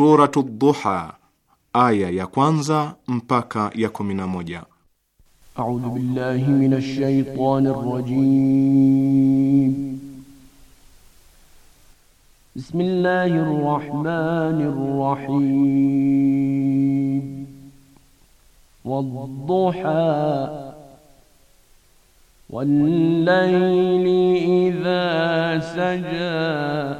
Suratu Duha, aya ya kwanza mpaka ya kumi na moja. A'udhu billahi minash shaitanir rajim. Bismillahir rahmanir rahim. Wad-duha wal-layli idha saja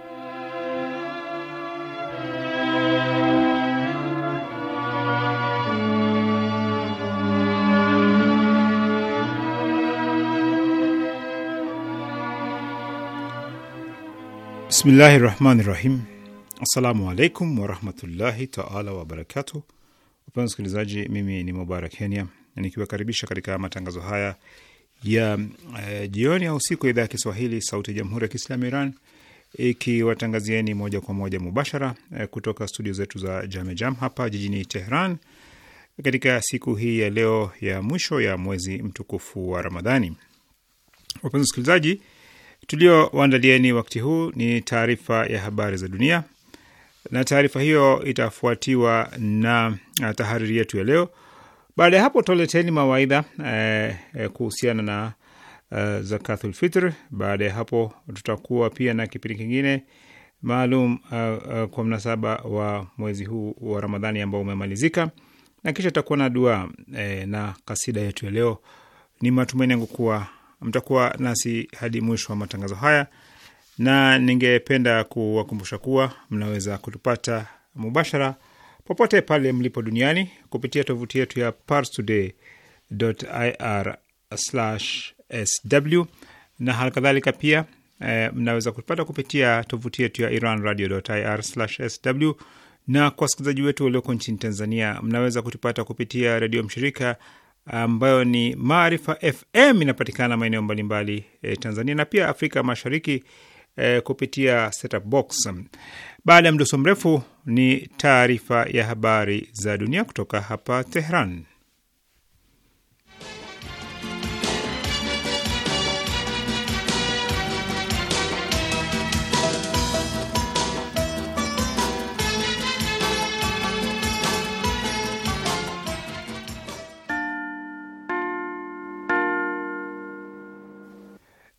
Bismillahi rahmani rahim. Assalamu alaikum warahmatullahi taala wabarakatu. Wapenzi wasikilizaji, mimi ni Mubarak Kenya nikiwakaribisha katika matangazo haya ya uh, jioni au siku ya idhaa ya Kiswahili sauti ya jamhuri ya Kiislamu Iran ikiwatangazieni moja kwa moja mubashara uh, kutoka studio zetu za Jamejam Jam hapa jijini Tehran katika siku hii ya leo ya mwisho ya mwezi mtukufu wa Ramadhani. Wapenzi wasikilizaji tuliowaandalieni wakati huu ni taarifa ya habari za dunia, na taarifa hiyo itafuatiwa na uh, tahariri yetu ya leo. Baada ya hapo, toleteni mawaidha eh, eh, kuhusiana na eh, zakatul fitr. Baada ya hapo, tutakuwa pia na kipindi kingine maalum uh, uh, kwa mnasaba wa mwezi huu wa Ramadhani ambao umemalizika, na kisha tutakuwa na dua eh, na kasida yetu ya leo. Ni matumaini yangu kuwa mtakuwa nasi hadi mwisho wa matangazo haya, na ningependa kuwakumbusha kuwa mnaweza kutupata mubashara popote pale mlipo duniani kupitia tovuti yetu ya parstoday.ir/sw na kadhalika pia e, mnaweza kutupata kupitia tovuti yetu ya iranradio.ir/sw na kwa wasikilizaji wetu walioko nchini Tanzania, mnaweza kutupata kupitia redio mshirika ambayo ni Maarifa FM inapatikana maeneo mbalimbali e, Tanzania na pia Afrika Mashariki e, kupitia setup box. Baada ya mdoso mrefu, ni taarifa ya habari za dunia kutoka hapa Tehran.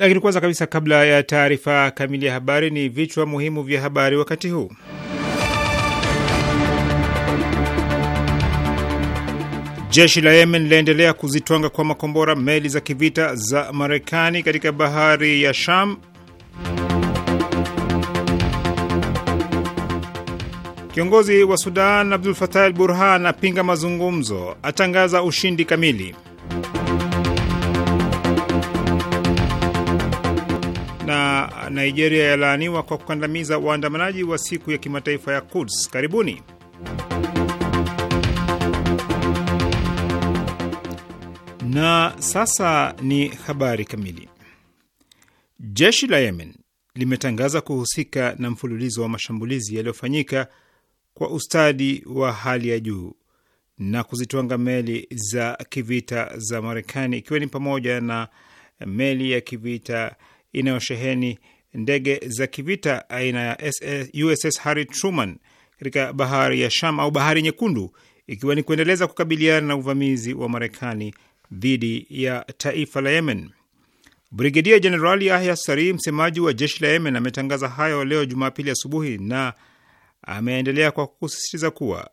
Lakini kwanza kabisa, kabla ya taarifa kamili ya habari, ni vichwa muhimu vya habari wakati huu. Jeshi la Yemen linaendelea kuzitwanga kwa makombora meli za kivita za Marekani katika bahari ya Sham. Kiongozi wa Sudan Abdul Fatah al Burhan apinga mazungumzo, atangaza ushindi kamili. Nigeria yalaaniwa kwa kukandamiza waandamanaji wa siku ya kimataifa ya Quds. Karibuni. Na sasa ni habari kamili. Jeshi la Yemen limetangaza kuhusika na mfululizo wa mashambulizi yaliyofanyika kwa ustadi wa hali ya juu na kuzitwanga meli za kivita za Marekani ikiwa ni pamoja na meli ya kivita inayosheheni ndege za kivita aina ya USS Harry Truman katika bahari ya Sham au bahari nyekundu, ikiwa ni kuendeleza kukabiliana na uvamizi wa Marekani dhidi ya taifa la Yemen. Brigedia Jenerali Yahya Sari, msemaji wa jeshi la Yemen, ametangaza hayo leo Jumapili asubuhi na ameendelea kwa kusisitiza kuwa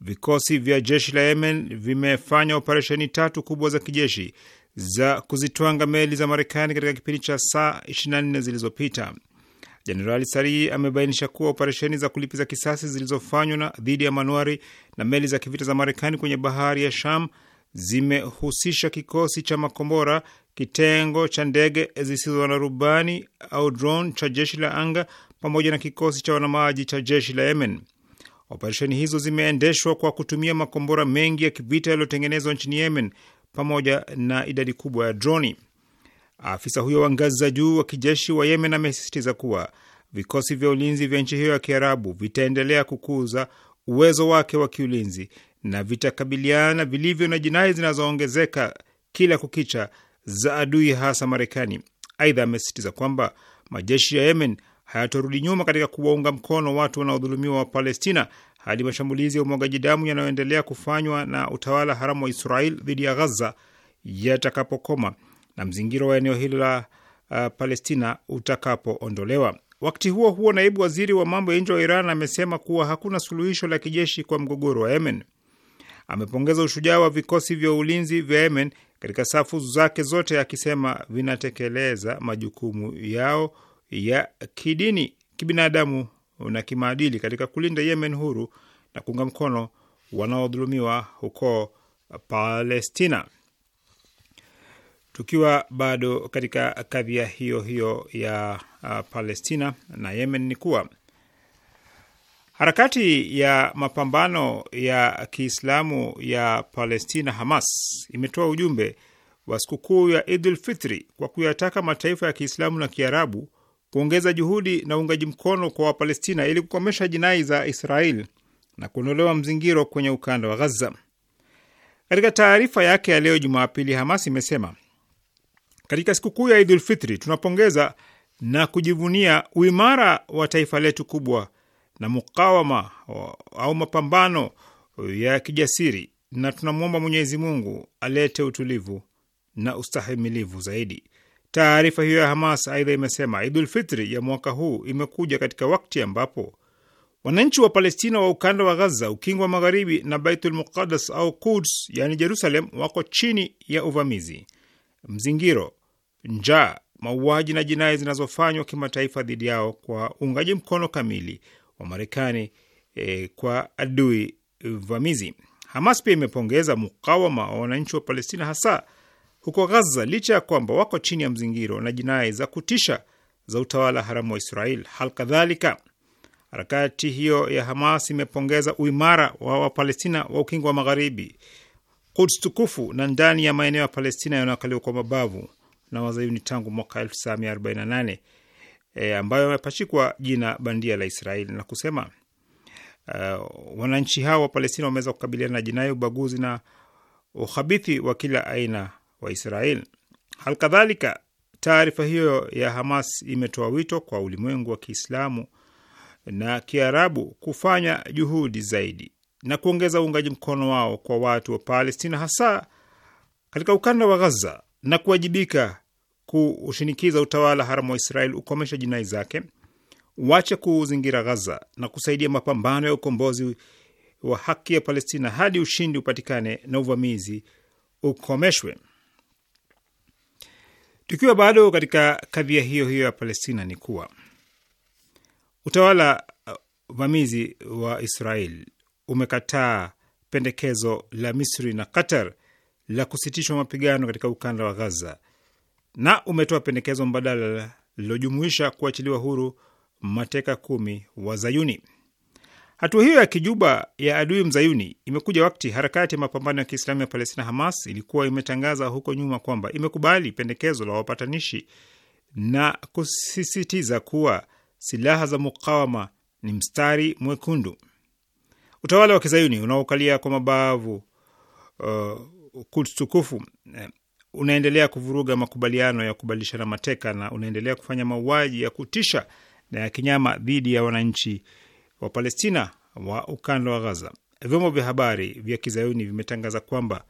vikosi vya jeshi la Yemen vimefanya operesheni tatu kubwa za kijeshi za kuzitwanga meli za Marekani katika kipindi cha saa 24 zilizopita. Jenerali Sari amebainisha kuwa operesheni za kulipiza kisasi zilizofanywa dhidi ya manuari na meli za kivita za Marekani kwenye bahari ya Sham zimehusisha kikosi cha makombora, kitengo cha ndege zisizo na rubani au drone cha jeshi la anga, pamoja na kikosi cha wanamaji cha jeshi la Yemen. Operesheni hizo zimeendeshwa kwa kutumia makombora mengi ya kivita yaliyotengenezwa nchini Yemen pamoja na idadi kubwa ya droni. Afisa huyo wa ngazi za juu wa kijeshi wa Yemen amesisitiza kuwa vikosi vya ulinzi vya nchi hiyo ya Kiarabu vitaendelea kukuza uwezo wake wa kiulinzi na vitakabiliana vilivyo na jinai zinazoongezeka kila kukicha za adui, hasa Marekani. Aidha, amesisitiza kwamba majeshi ya Yemen hayatorudi nyuma katika kuwaunga mkono watu wanaodhulumiwa wa Palestina hadi mashambulizi ya umwagaji damu yanayoendelea kufanywa na utawala haramu wa Israel dhidi ya Ghaza yatakapokoma na mzingiro wa eneo hilo la uh, Palestina utakapoondolewa. Wakati huo huo, naibu waziri wa mambo ya nje wa Iran amesema kuwa hakuna suluhisho la kijeshi kwa mgogoro wa Yemen. Amepongeza ushujaa wa vikosi vya ulinzi vya Yemen katika safu zake zote, akisema vinatekeleza majukumu yao ya kidini, kibinadamu na kimaadili katika kulinda Yemen huru na kuunga mkono wanaodhulumiwa huko Palestina. Tukiwa bado katika kadhia hiyo hiyo ya uh, Palestina na Yemen ni kuwa harakati ya mapambano ya Kiislamu ya Palestina Hamas imetoa ujumbe wa sikukuu ya Idul Fitri kwa kuyataka mataifa ya Kiislamu na Kiarabu kuongeza juhudi na uungaji mkono kwa Wapalestina ili kukomesha jinai za Israel na kuondolewa mzingiro kwenye ukanda wa Gaza. Katika taarifa yake ya leo Jumapili, Hamas imesema katika sikukuu ya Idulfitri Fitri tunapongeza na kujivunia uimara wa taifa letu kubwa na mukawama au mapambano ya kijasiri, na tunamwomba Mwenyezi Mungu alete utulivu na ustahimilivu zaidi. Taarifa hiyo ya Hamas aidha imesema Idul Fitri ya mwaka huu imekuja katika wakti ambapo wananchi wa Palestina wa ukanda wa Ghaza, ukingo wa magharibi na Baitul Muqaddas au Quds yani Jerusalem wako chini ya uvamizi, mzingiro, njaa, mauaji na jinai zinazofanywa kimataifa dhidi yao kwa uungaji mkono kamili wa Marekani e, kwa adui vamizi. Hamas pia imepongeza mukawama wa wananchi wa Palestina hasa huko Ghaza licha ya kwamba wako chini ya mzingiro na jinai za kutisha za utawala haramu wa Israel. Hal kadhalika harakati hiyo ya Hamas imepongeza uimara wa Wapalestina wa ukingo wa Magharibi, Kuds tukufu na ndani ya maeneo ya Palestina yanayokaliwa kwa mabavu na Wazayuni tangu mwaka 1948 e, ambayo yamepachikwa jina bandia la Israeli na kusema uh, wananchi hao wa Palestina wameweza kukabiliana na jinai, ubaguzi na uhabithi wa kila aina wa Israel. Halikadhalika, taarifa hiyo ya Hamas imetoa wito kwa ulimwengu wa Kiislamu na Kiarabu kufanya juhudi zaidi na kuongeza uungaji mkono wao kwa watu wa Palestina, hasa katika ukanda wa Gaza, na kuwajibika kuushinikiza utawala haramu wa Israel ukomesha jinai zake, wache kuzingira Gaza na kusaidia mapambano ya ukombozi wa haki ya Palestina hadi ushindi upatikane na uvamizi ukomeshwe. Tukiwa bado katika kadhia hiyo hiyo ya Palestina, ni kuwa utawala uh, vamizi wa Israel umekataa pendekezo la Misri na Qatar la kusitishwa mapigano katika ukanda wa Gaza na umetoa pendekezo mbadala lililojumuisha kuachiliwa huru mateka kumi wa Zayuni. Hatua hiyo ya kijuba ya adui mzayuni imekuja wakati harakati ya mapambano ya Kiislamu ya Palestina, Hamas, ilikuwa imetangaza huko nyuma kwamba imekubali pendekezo la wapatanishi na kusisitiza kuwa silaha za mukawama ni mstari mwekundu. Utawala wa kizayuni unaokalia kwa mabavu uh, Quds tukufu eh, unaendelea kuvuruga makubaliano ya kubadilishana mateka na unaendelea kufanya mauaji ya kutisha na ya kinyama dhidi ya wananchi wa Palestina wa ukanda wa Gaza. Vyombo vya habari vya kizayuni vimetangaza kwamba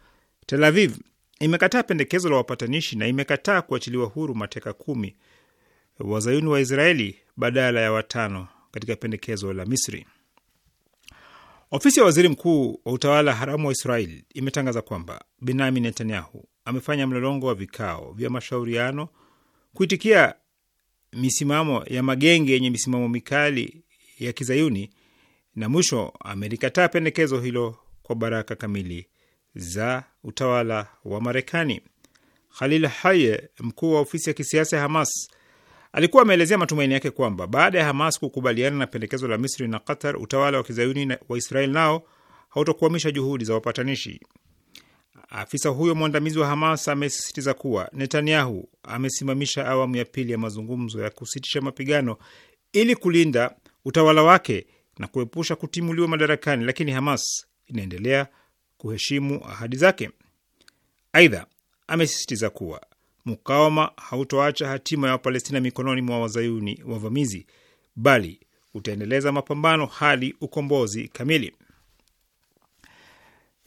Tel Aviv imekataa pendekezo la wapatanishi na imekataa kuachiliwa huru mateka kumi wazayuni wa Israeli badala ya watano katika pendekezo la Misri. Ofisi ya waziri mkuu wa utawala haramu wa israel imetangaza kwamba Benyamin Netanyahu amefanya mlolongo wa vikao vya mashauriano kuitikia misimamo ya magenge yenye misimamo mikali ya kizayuni na mwisho amelikataa pendekezo hilo kwa baraka kamili za utawala wa Marekani. Khalil Haye, mkuu wa ofisi ya kisiasa ya Hamas, alikuwa ameelezea matumaini yake kwamba baada ya Hamas kukubaliana na pendekezo la Misri na Qatar, utawala wa kizayuni wa Israel nao hautokuamisha juhudi za wapatanishi. Afisa huyo mwandamizi wa Hamas amesisitiza kuwa Netanyahu amesimamisha awamu ya pili ya mazungumzo ya kusitisha mapigano ili kulinda utawala wake na kuepusha kutimuliwa madarakani, lakini Hamas inaendelea kuheshimu ahadi zake. Aidha, amesisitiza kuwa mukawama hautoacha hatima ya Wapalestina mikononi mwa wazayuni wavamizi, bali utaendeleza mapambano hadi ukombozi kamili.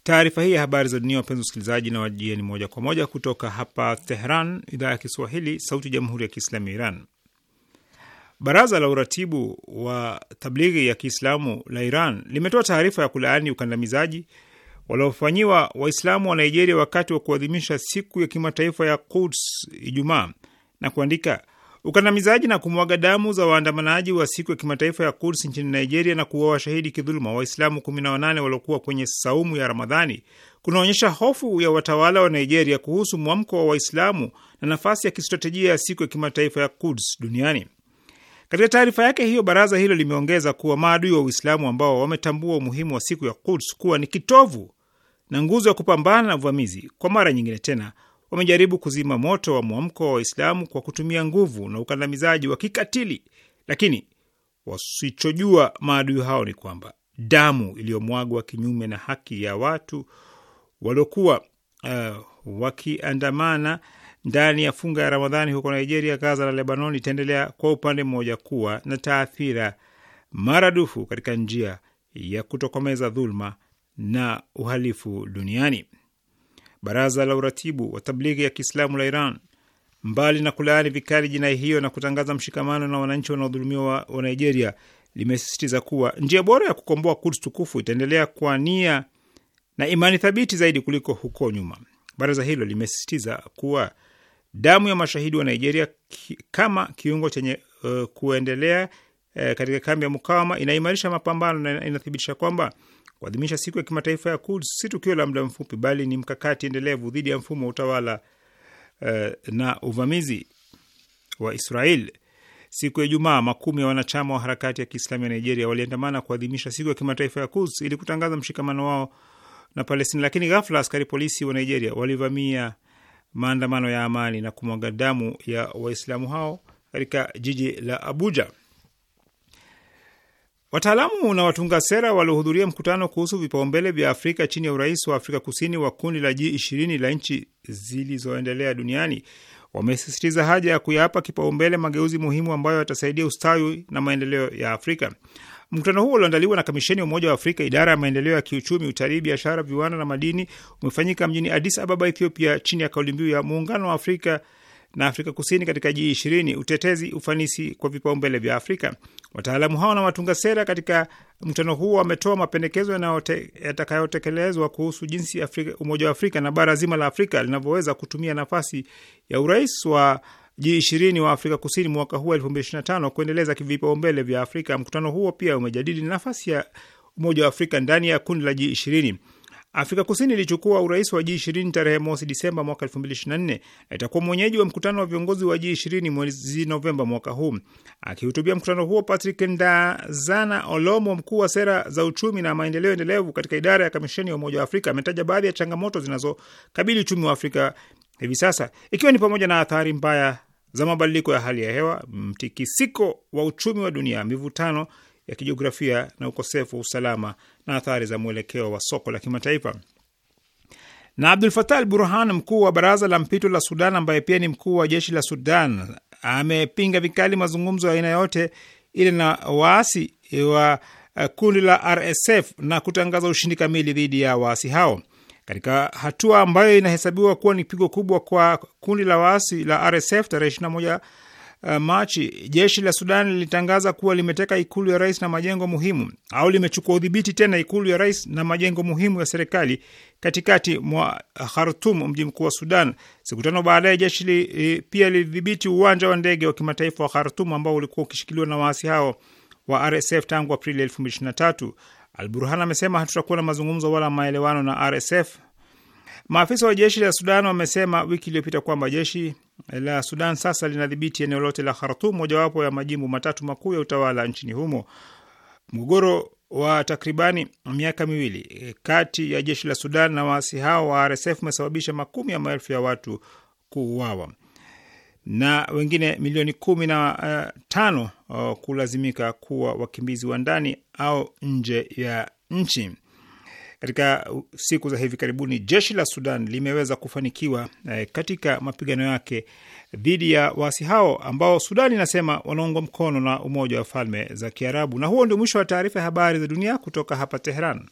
Taarifa hii ya habari za dunia, wapenzi wasikilizaji, na wajieni moja kwa moja kutoka hapa Tehran, idhaa ya Kiswahili, sauti ya jamhuri ya kiislamu ya Iran. Baraza la uratibu wa tablighi ya Kiislamu la Iran limetoa taarifa ya kulaani ukandamizaji waliofanyiwa Waislamu wa Nigeria wakati wa kuadhimisha siku ya kimataifa ya Quds Ijumaa na kuandika ukandamizaji na kumwaga damu za waandamanaji wa siku ya kimataifa ya Quds nchini Nigeria na kuwa washahidi kidhuluma Waislamu 18 waliokuwa kwenye saumu ya Ramadhani kunaonyesha hofu ya watawala wa Nigeria kuhusu mwamko wa Waislamu na nafasi ya kistratejia ya siku ya kimataifa ya Quds duniani. Katika taarifa yake hiyo, baraza hilo limeongeza kuwa maadui wa Uislamu ambao wametambua umuhimu wa siku ya Quds kuwa ni kitovu na nguzo ya kupambana na uvamizi, kwa mara nyingine tena wamejaribu kuzima moto wa mwamko wa Waislamu kwa kutumia nguvu na ukandamizaji wa kikatili. Lakini wasichojua maadui hao ni kwamba damu iliyomwagwa kinyume na haki ya watu waliokuwa uh, wakiandamana ndani ya funga ya Ramadhani huko Nigeria, Gaza na Lebanon itaendelea kwa upande mmoja kuwa na taathira maradufu katika njia ya kutokomeza dhuluma na uhalifu duniani. Baraza la uratibu wa tablighi ya Kiislamu la Iran, mbali na kulaani vikali jinai hiyo na kutangaza mshikamano na wananchi wanaodhulumiwa wa Nigeria, limesisitiza kuwa njia bora ya kukomboa Kuds tukufu itaendelea kwa nia na imani thabiti zaidi kuliko huko nyuma. Baraza hilo limesisitiza kuwa damu ya mashahidi wa Nigeria ki, kama kiungo chenye uh, kuendelea uh, katika kambi ya mukawama inaimarisha mapambano na inathibitisha kwamba kuadhimisha siku ya kimataifa ya Quds si tukio la muda mfupi, bali ni mkakati endelevu dhidi ya mfumo wa utawala uh, na uvamizi wa Israel. Siku ya Ijumaa, makumi ya wanachama wa harakati ya Kiislamu ya Nigeria waliandamana kuadhimisha siku ya kimataifa ya Quds ili kutangaza mshikamano wao na Palestina, lakini ghafla askari polisi wa Nigeria walivamia maandamano ya amani na kumwaga damu ya Waislamu hao katika jiji la Abuja. Wataalamu na watunga sera waliohudhuria mkutano kuhusu vipaumbele vya Afrika chini ya urais wa Afrika Kusini wa kundi la G20 la nchi zilizoendelea duniani wamesisitiza haja ya kuyapa kipaumbele mageuzi muhimu ambayo yatasaidia ustawi na maendeleo ya Afrika. Mkutano huo ulioandaliwa na kamisheni ya Umoja wa Afrika, idara ya maendeleo ya kiuchumi, utalii, biashara, viwanda na madini, umefanyika mjini Addis Ababa, Ethiopia, chini ya kauli mbiu ya muungano wa Afrika na Afrika Kusini katika G20, utetezi ufanisi kwa vipaumbele vya Afrika. Wataalamu hao na watunga sera katika mkutano huo wametoa mapendekezo yatakayotekelezwa kuhusu jinsi Afrika, Umoja wa Afrika na bara zima la Afrika linavyoweza kutumia nafasi ya urais wa G20 wa Afrika Kusini mwaka huu 2025 kuendeleza vipaumbele vya Afrika. Mkutano huo pia umejadili nafasi ya Umoja wa Afrika ndani ya kundi la G20. Afrika Kusini ilichukua urais wa G20 tarehe mosi Disemba mwaka 2024 na itakuwa mwenyeji wa mkutano wa viongozi wa G20 mwezi Novemba mwaka huu. Akihutubia mkutano huo, Patrick Ndazana Olomo, mkuu wa sera za uchumi na maendeleo endelevu katika idara ya kamisheni ya Umoja wa Afrika, ametaja baadhi ya changamoto zinazokabili uchumi wa Afrika hivi sasa, ikiwa ni pamoja na athari mbaya za mabadiliko ya hali ya hewa, mtikisiko wa uchumi wa dunia, mivutano ya kijiografia na ukosefu wa usalama na athari za mwelekeo wa soko la kimataifa. Na Abdul Fatah al Burhan, mkuu wa baraza la mpito la Sudan ambaye pia ni mkuu wa jeshi la Sudan, amepinga vikali mazungumzo ya aina yote ile na waasi wa kundi la RSF na kutangaza ushindi kamili dhidi ya waasi hao katika hatua ambayo inahesabiwa kuwa ni pigo kubwa kwa kundi la waasi la RSF. Tarehe 21 uh, eh, Machi, jeshi la Sudan lilitangaza kuwa limeteka ikulu ya rais na majengo muhimu au limechukua udhibiti tena ikulu ya rais na majengo muhimu ya serikali katikati mwa Khartum, mji mkuu wa Sudan. Siku tano baadaye jeshi li, e, pia lilidhibiti uwanja wa ndege wa kimataifa wa Khartum ambao ulikuwa ukishikiliwa na waasi hao wa RSF tangu Aprili Al-Burhan amesema hatutakuwa na mazungumzo wala maelewano na RSF. Maafisa wa jeshi la Sudan wamesema wiki iliyopita kwamba jeshi la Sudan sasa linadhibiti eneo lote la khartum mojawapo ya majimbo matatu makuu ya utawala nchini humo. Mgogoro wa takribani miaka miwili kati ya jeshi la Sudan na waasi hao wa RSF umesababisha makumi ya maelfu ya watu kuuawa na wengine milioni kumi na uh, tano Uh, kulazimika kuwa wakimbizi wa ndani au nje ya nchi. Katika siku za hivi karibuni, jeshi la Sudan limeweza kufanikiwa eh, katika mapigano yake dhidi ya waasi hao ambao Sudan inasema wanaungwa mkono na Umoja wa Falme za Kiarabu. Na huo ndio mwisho wa taarifa ya habari za dunia kutoka hapa Teheran.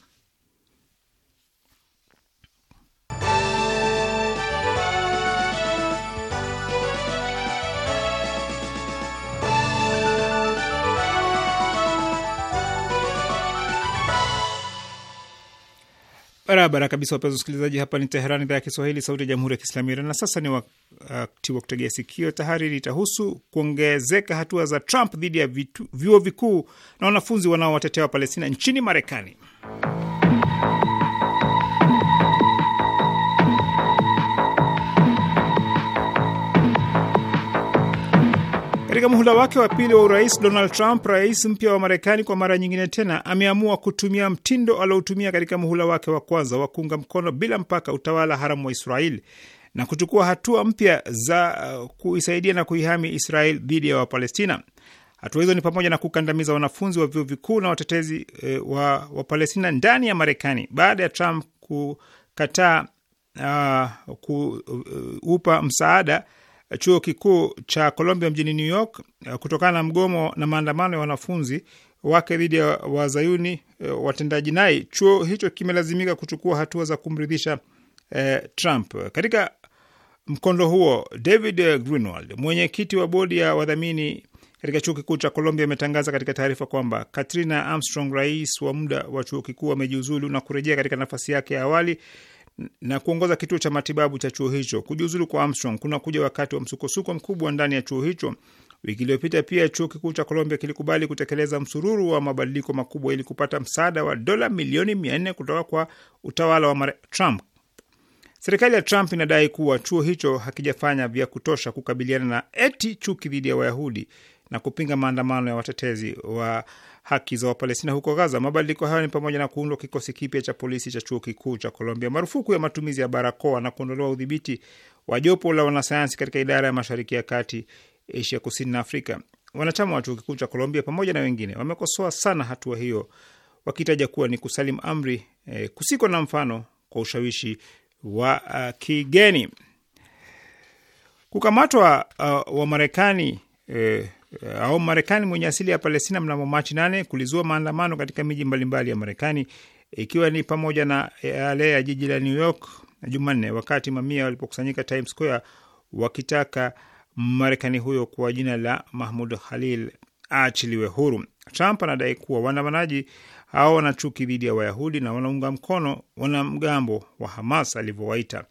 Barabara kabisa, wapenzi wasikilizaji, hapa ni Teherani, idhaa ya Kiswahili, sauti ya jamhuri ya kiislamu Iran. Na sasa ni wakati wa kutegea sikio. Tahariri itahusu kuongezeka hatua za Trump dhidi ya vyuo vikuu na wanafunzi wanaowatetea Wapalestina nchini Marekani. Katika muhula wake wa pili wa urais, Donald Trump, rais mpya wa Marekani, kwa mara nyingine tena ameamua kutumia mtindo aliotumia katika muhula wake wa kwanza wa kuunga mkono bila mpaka utawala haramu wa Israeli na kuchukua hatua mpya za uh, kuisaidia na kuihami Israel dhidi ya Wapalestina. Hatua hizo ni pamoja na kukandamiza wanafunzi wa vyuo vikuu na watetezi uh, wa Wapalestina ndani ya Marekani baada ya Trump kukataa uh, kuupa msaada chuo kikuu cha Columbia mjini New York eh, kutokana na mgomo na maandamano ya wanafunzi wake dhidi ya wazayuni eh, watendaji nai Chuo hicho kimelazimika kuchukua hatua za kumridhisha eh, Trump. Katika mkondo huo, David Greenwald, mwenyekiti wa bodi ya wadhamini katika chuo kikuu cha Columbia, ametangaza katika taarifa kwamba Katrina Armstrong, rais wa muda wa chuo kikuu, amejiuzulu na kurejea katika nafasi yake ya awali na kuongoza kituo cha matibabu cha chuo hicho. Kujiuzulu kwa Armstrong kuna kuja wakati wa msukosuko mkubwa ndani ya chuo hicho. Wiki iliyopita pia chuo kikuu cha Colombia kilikubali kutekeleza msururu wa mabadiliko makubwa ili kupata msaada wa dola milioni mia nne kutoka kwa utawala wa Trump. Serikali ya Trump inadai kuwa chuo hicho hakijafanya vya kutosha kukabiliana na eti chuki dhidi ya Wayahudi na kupinga maandamano ya watetezi wa haki za Wapalestina huko Gaza. Mabadiliko hayo ni pamoja na kuundwa kikosi kipya cha polisi cha chuo kikuu cha Colombia, marufuku ya matumizi ya barakoa na kuondolewa udhibiti wa jopo la wanasayansi katika idara ya mashariki ya kati, Asia kusini na Afrika. Wanachama wa chuo kikuu cha Colombia pamoja na wengine wamekosoa sana hatua wa hiyo, wakitaja kuwa ni kusalim amri eh, kusiko na mfano kwa ushawishi wa uh, kigeni. Kukamatwa uh, wa Marekani eh, Eh, au Marekani mwenye asili ya Palestina mnamo Machi nane kulizua maandamano katika miji mbalimbali ya Marekani ikiwa ni pamoja na eh, yale ya jiji la New York Jumanne, wakati mamia walipokusanyika Times Square wakitaka Marekani huyo kwa jina la Mahmud Khalil aachiliwe huru. Trump anadai kuwa waandamanaji hao wana chuki dhidi ya Wayahudi na wanaunga mkono wanamgambo wa Hamas alivyowaita.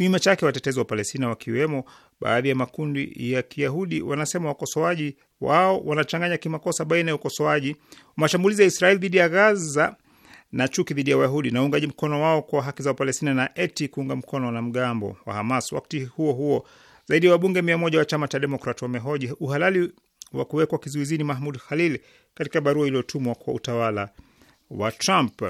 Kinyume chake, watetezi wa Palestina wakiwemo baadhi ya makundi ya Kiyahudi wanasema wakosoaji wao wanachanganya kimakosa baina ya ukosoaji mashambulizi ya Israeli dhidi ya Gaza na chuki dhidi ya Wayahudi na uungaji mkono wao kwa haki za Wapalestina na eti kuunga mkono wanamgambo wa Hamas. Wakati huo huo, zaidi ya wabunge mia moja wa chama cha Demokrat wamehoji uhalali wa kuwekwa kizuizini Mahmud Khalil katika barua iliyotumwa kwa utawala wa Trump.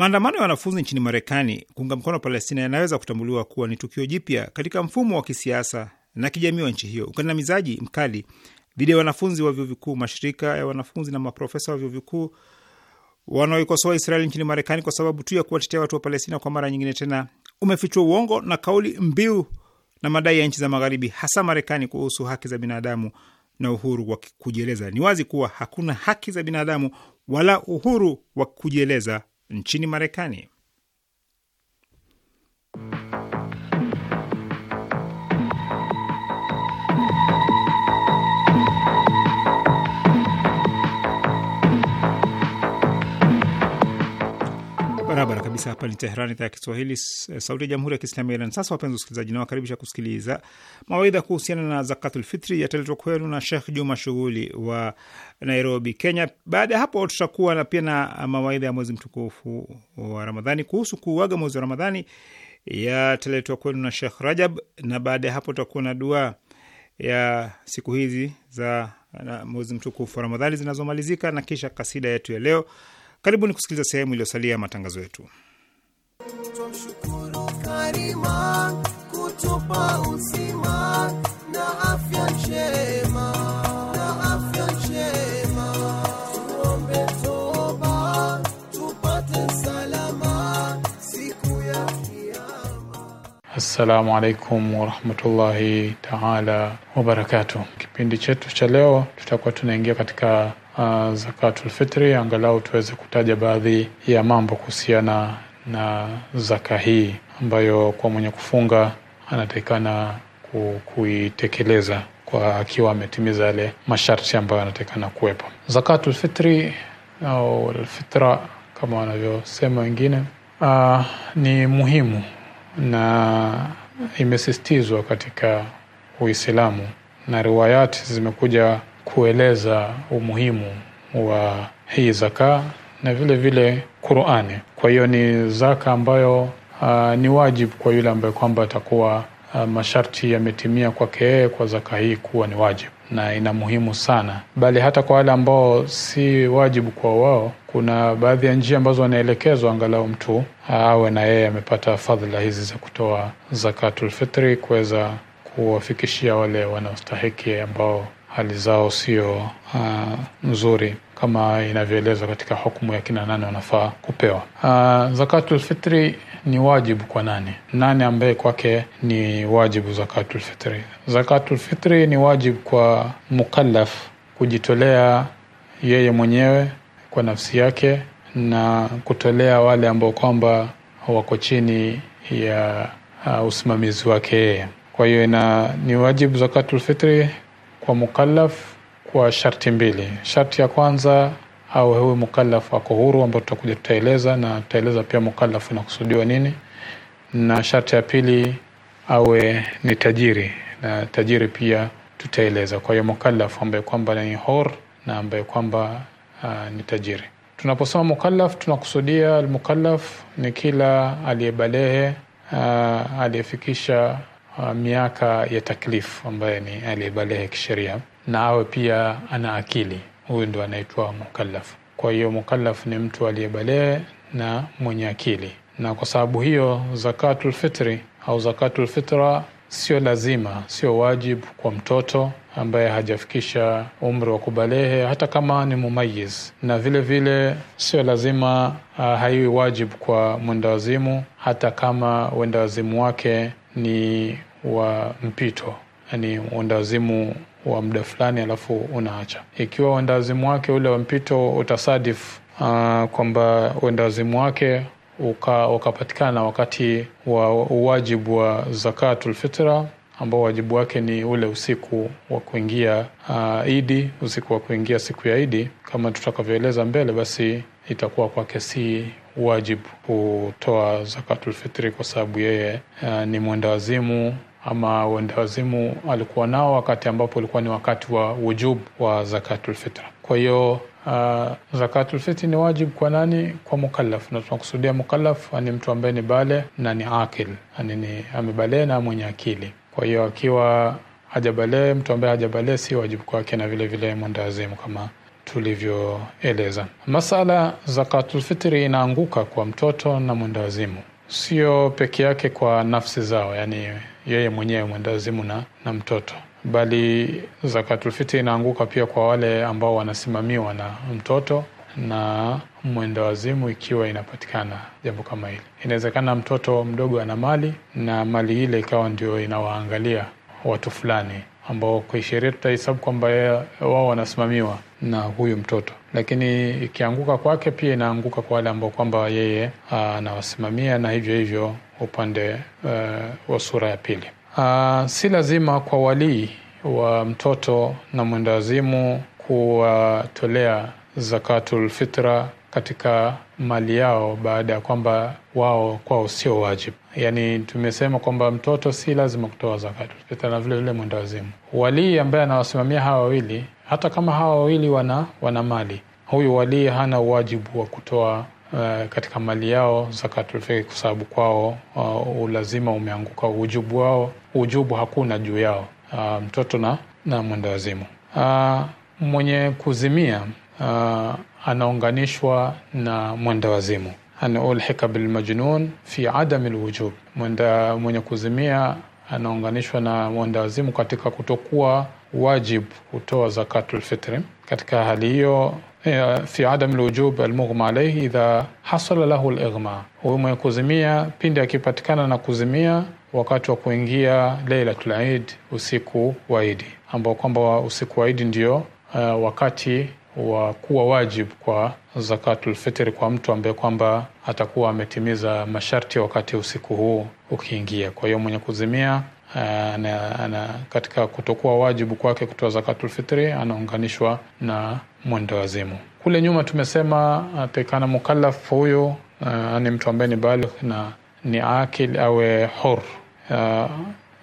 Maandamano ya wanafunzi nchini Marekani kuunga mkono Palestina yanaweza kutambuliwa kuwa ni tukio jipya katika mfumo wa kisiasa na kijamii wa nchi hiyo. Ukandamizaji mkali dhidi ya wanafunzi wa vyuo vikuu, mashirika ya wanafunzi na maprofesa wa vyuo vikuu wanaoikosoa Israeli nchini Marekani kwa sababu tu ya kuwatetea watu wa Palestina, kwa mara nyingine tena umefichua uongo na kauli mbiu na madai ya nchi za Magharibi, hasa Marekani, kuhusu haki za binadamu na uhuru wa kujieleza. Ni wazi kuwa hakuna haki za binadamu wala uhuru wa kujieleza nchini Marekani. Barabara kabisa. Hapa ni Teherani, idhaa ya Kiswahili, eh, sauti ya jamhuri ya kiislamu ya Iran. Sasa wapenzi wasikilizaji, nawakaribisha kusikiliza mawaidha kuhusiana na zakatulfitri, yataletwa kwenu na Shekh Juma Shughuli wa Nairobi, Kenya. Baada ya hapo, tutakuwa na pia na mawaidha ya mwezi mtukufu wa Ramadhani kuhusu kuuaga mwezi wa Ramadhani, yataletwa kwenu na Shekh Rajab, na baada ya hapo tutakuwa na dua ya siku hizi za mwezi mtukufu wa Ramadhani zinazomalizika na kisha kasida yetu ya leo Karibuni kusikiliza sehemu iliyosalia ya matangazo yetu. Assalamu alaikum warahmatullahi taala wabarakatuh. Kipindi chetu cha leo tutakuwa tunaingia katika zakatulfitri uh, zakatul fitri, angalau tuweze kutaja baadhi ya mambo kuhusiana na zaka hii ambayo kwa mwenye kufunga anatakikana kuitekeleza kwa akiwa ametimiza yale masharti ambayo anatakikana kuwepo. Zakatul fitri au alfitra kama wanavyosema wengine, uh, ni muhimu na imesisitizwa katika Uislamu na riwayati zimekuja kueleza umuhimu wa hii zaka na vile vile Qurani. Kwa hiyo ni zaka ambayo uh, ni wajibu kwa yule ambaye kwamba atakuwa uh, masharti yametimia kwake yeye kwa zaka hii kuwa ni wajibu na ina muhimu sana, bali hata kwa wale ambao si wajibu kwa wao, kuna baadhi ya njia ambazo wanaelekezwa angalau mtu ah, awe na yeye amepata fadhila hizi za kutoa zakatulfitri kuweza kuwafikishia wale wanaostahiki ambao hali zao sio uh, nzuri kama inavyoelezwa katika hukumu ya kina nane wanafaa kupewa. Uh, ah, zakatulfitri ni wajibu kwa nani? Nani ambaye kwake ni wajibu zakatulfitri? Zakatulfitri ni wajibu kwa mukallaf kujitolea yeye mwenyewe kwa nafsi yake na kutolea wale ambao kwamba wako chini ya uh, usimamizi wake yeye. Kwa hiyo ni wajibu zakatulfitri kwa mukallaf kwa sharti mbili. Sharti ya kwanza awe huyu mukallaf ako huru, ambao tutakuja tutaeleza na tutaeleza pia mukallaf inakusudiwa nini, na sharti ya pili awe ni tajiri, na tajiri pia tutaeleza. Kwa hiyo mukallaf ambaye kwamba ni hor na ambaye kwamba uh, ni tajiri. Tunaposema mukallaf, tunakusudia almukallaf ni kila aliyebalehe, uh, aliyefikisha uh, miaka ya taklifu ambaye ni aliyebalehe kisheria na awe pia ana akili, huyu ndo anaitwa mukallaf. Kwa hiyo mukallaf ni mtu aliyebalehe na mwenye akili, na kwa sababu hiyo zakatul fitri au zakatul fitra sio lazima, sio wajib kwa mtoto ambaye hajafikisha umri wa kubalehe, hata kama ni mumayiz, na vile vile sio lazima uh, haiwi wajib kwa mwendawazimu, hata kama wendawazimu wake ni wa mpito, yani uendawazimu wa muda fulani, alafu unaacha. Ikiwa uendawazimu wake ule wa mpito utasadif uh, kwamba uendawazimu wake ukapatikana uka wakati wa uwajibu wa zakatulfitra ambao wajibu wake ni ule usiku wa kuingia uh, Idi, usiku wa kuingia siku ya Idi, kama tutakavyoeleza mbele, basi itakuwa kwake si wajibu kutoa zakatulfitri kwa sababu yeye uh, ni wazimu ama wazimu alikuwa nao wakati ambapo ulikuwa ni wakati wa wujub wa zakatulfitra. Kwa hiyo uh, ah, zakatulfitri ni wajibu kwa nani? Kwa mukalaf na tunakusudia mukalaf ah, ni mtu ambaye ni bale na ni akil, ah, ni amebalee na mwenye akili. Kwa hiyo akiwa hajabalee, mtu ambaye hajabalee si wajibu kwake, na vile vile wazimu kama tulivyoeleza. Masala zakatulfitri inaanguka kwa mtoto na mwendawazimu, sio peke yake kwa nafsi zao, yani yeye mwenyewe mwendawazimu na, na mtoto bali zakatulfitri inaanguka pia kwa wale ambao wanasimamiwa na mtoto na mwenda wazimu, ikiwa inapatikana jambo kama hili. Inawezekana mtoto mdogo ana mali na mali ile ikawa ndio inawaangalia watu fulani, ambao kwa sheria tutahesabu kwamba wao wanasimamiwa na huyu mtoto, lakini ikianguka kwake pia inaanguka kwa wale ambao kwamba yeye ah, anawasimamia, na hivyo hivyo upande uh, wa sura ya pili. Uh, si lazima kwa walii wa mtoto na mwendawazimu kuwatolea zakatulfitra katika mali yao baada ya kwamba wao kwao sio wajibu. Yani tumesema kwamba mtoto si lazima kutoa zakat, na vile vile mwenda wazimu. Walii ambaye anawasimamia hawa wawili, hata kama hawa wawili wana, wana mali, huyu walii hana uwajibu wa kutoa Uh, katika mali yao zakatul kwa sababu kwao uh, ulazima umeanguka, ujubu wao ujubu hakuna juu yao, uh, mtoto na, na wazimu Uh, mwenye kuzimia uh, anaunganishwa na mwendawazimu anaulhika bilmajnun fi adami lwujub, mwenda mwenye kuzimia anaunganishwa na mwendawazimu katika kutokuwa wajib kutoa zakatul lfitri Katika hali hiyo eh, fi adami lwujub almughma alaihi idha hasala lahu lighma, huyu mwenye kuzimia pindi akipatikana na kuzimia wakati wa kuingia leilatul lid usiku waidi ambao kwamba usiku waidi ndio uh, wakati wa kuwa wajibu kwa zakatul kwa mtu ambaye kwamba atakuwa ametimiza masharti wakati usiku huu ukiingia. Kwa hiyo mwenye kuzimia eh, ana, ana, katika kutokuwa wajibu kwake kutoa zakatul anaunganishwa na mwendo wazimu. Kule nyuma tumesema atekana eh, mukallaf huyu eh, ni mtu ambaye ni baligh na ni akil awe hur.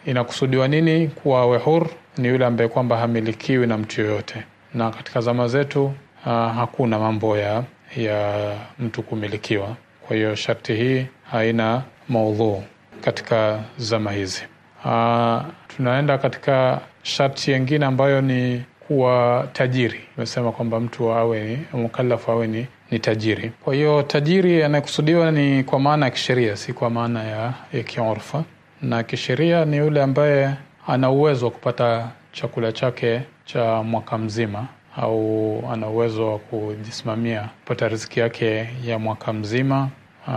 Inakusudiwa nini kuwa awe hur? Ni yule ambaye kwamba hamilikiwi na mtu yoyote na katika zama zetu ha, ah, hakuna mambo ya ya mtu kumilikiwa. Kwa hiyo sharti hii haina maudhuu katika zama hizi. Ha, ah, tunaenda katika sharti yengine ambayo ni kuwa tajiri. Imesema kwamba mtu awe ni mukalafu awe ni, ni tajiri. Kwa hiyo tajiri anayekusudiwa ni kwa maana ya kisheria, si kwa maana ya, ya kiurfa. Na kisheria ni yule ambaye ana uwezo wa kupata chakula chake cha mwaka mzima au ana uwezo wa kujisimamia kupata riziki yake ya mwaka mzima uh,